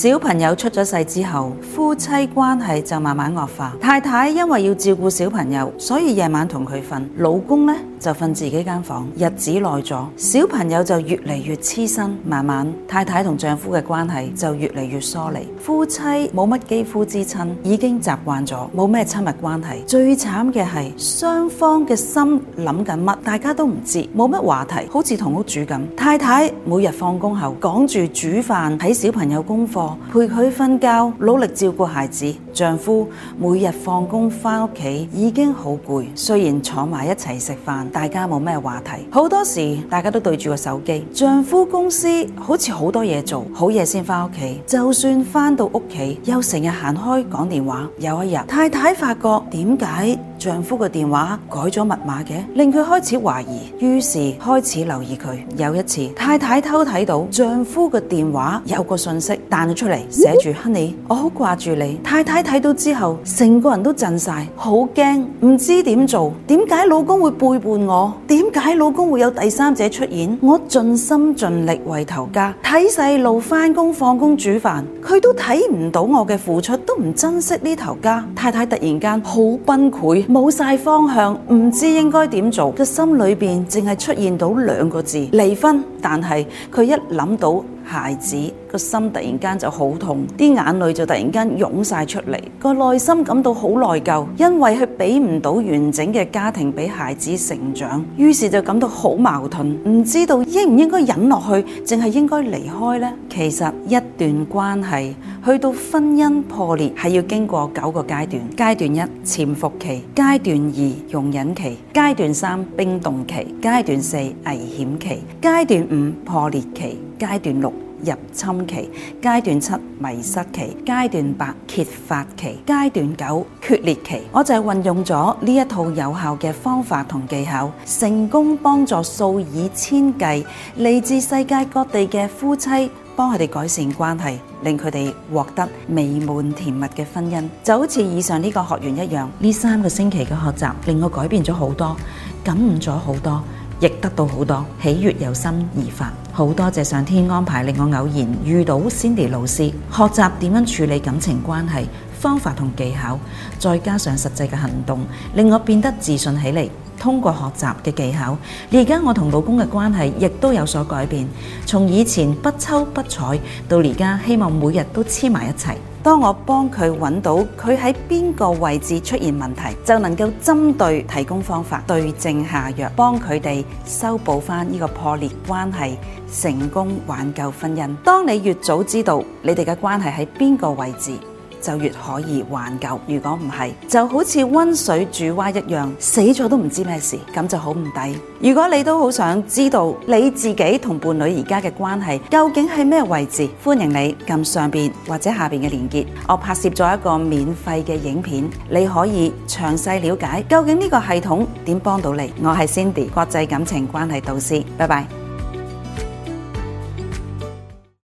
小朋友出咗世之後，夫妻關係就慢慢惡化。太太因為要照顧小朋友，所以夜晚同佢瞓，老公呢，就瞓自己間房。日子耐咗，小朋友就越嚟越黐身，慢慢太太同丈夫嘅關係就越嚟越疏離，夫妻冇乜肌膚之親，已經習慣咗冇咩親密關係。最慘嘅係雙方嘅心諗緊乜，大家都唔知，冇乜話題，好似同屋住咁。太太每日放工後，趕住煮飯睇小朋友功課。陪佢瞓覺，努力照顧孩子。丈夫每日放工翻屋企已經好攰，雖然坐埋一齊食飯，大家冇咩話題，好多時大家都對住個手機。丈夫公司好似好多嘢做，好夜先翻屋企。就算翻到屋企，又成日行開講電話。有一日，太太發覺點解丈夫嘅電話改咗密碼嘅，令佢開始懷疑，於是開始留意佢。有一次，太太偷睇到丈夫嘅電話有個信息彈咗出嚟，寫住：Honey，我好掛住你。太太，太。睇到之後，成個人都震晒，好驚，唔知點做。點解老公會背叛我？點解老公會有第三者出現？我盡心盡力為頭家，睇細路，翻工放工，煮飯，佢都睇唔到我嘅付出，都唔珍惜呢頭家。太太突然間好崩潰，冇晒方向，唔知應該點做。佢心裏邊淨係出現到兩個字：離婚。但係佢一諗到孩子個心突然間就好痛，啲眼淚就突然間湧晒出嚟，個內心感到好內疚，因為佢俾唔到完整嘅家庭俾孩子成長，於是就感到好矛盾，唔知道應唔應該忍落去，定係應該離開呢？其實一段關係去到婚姻破裂係要經過九個階段：階段一潛伏期，階段二容忍期，階段三冰凍期，階段四危險期，階段五破裂期。階段六入侵期，階段七迷失期，階段八揭發期，階段九決裂期。我就係運用咗呢一套有效嘅方法同技巧，成功幫助數以千計嚟自世界各地嘅夫妻，幫佢哋改善關係，令佢哋獲得美滿甜蜜嘅婚姻。就好似以上呢個學員一樣，呢三個星期嘅學習令我改變咗好多，感悟咗好多。亦得到好多喜悅由心而發，好多謝上天安排令我偶然遇到 Cindy 老師，學習點樣處理感情關係方法同技巧，再加上實際嘅行動，令我變得自信起嚟。通過學習嘅技巧，而家我同老公嘅關係亦都有所改變，從以前不瞅不睬到而家，希望每日都黐埋一齊。當我幫佢搵到佢喺邊個位置出現問題，就能夠針對提供方法，對症下藥，幫佢哋修補返呢個破裂關係，成功挽救婚姻。當你越早知道你哋嘅關係喺邊個位置，就越可以挽救。如果唔係，就好似溫水煮蛙一樣，死咗都唔知咩事，咁就好唔抵。如果你都好想知道你自己同伴侶而家嘅關係究竟係咩位置，歡迎你撳上邊或者下邊嘅連結。我拍攝咗一個免費嘅影片，你可以詳細了解究竟呢個系統點幫到你。我係 Cindy，國際感情關係導師，拜拜。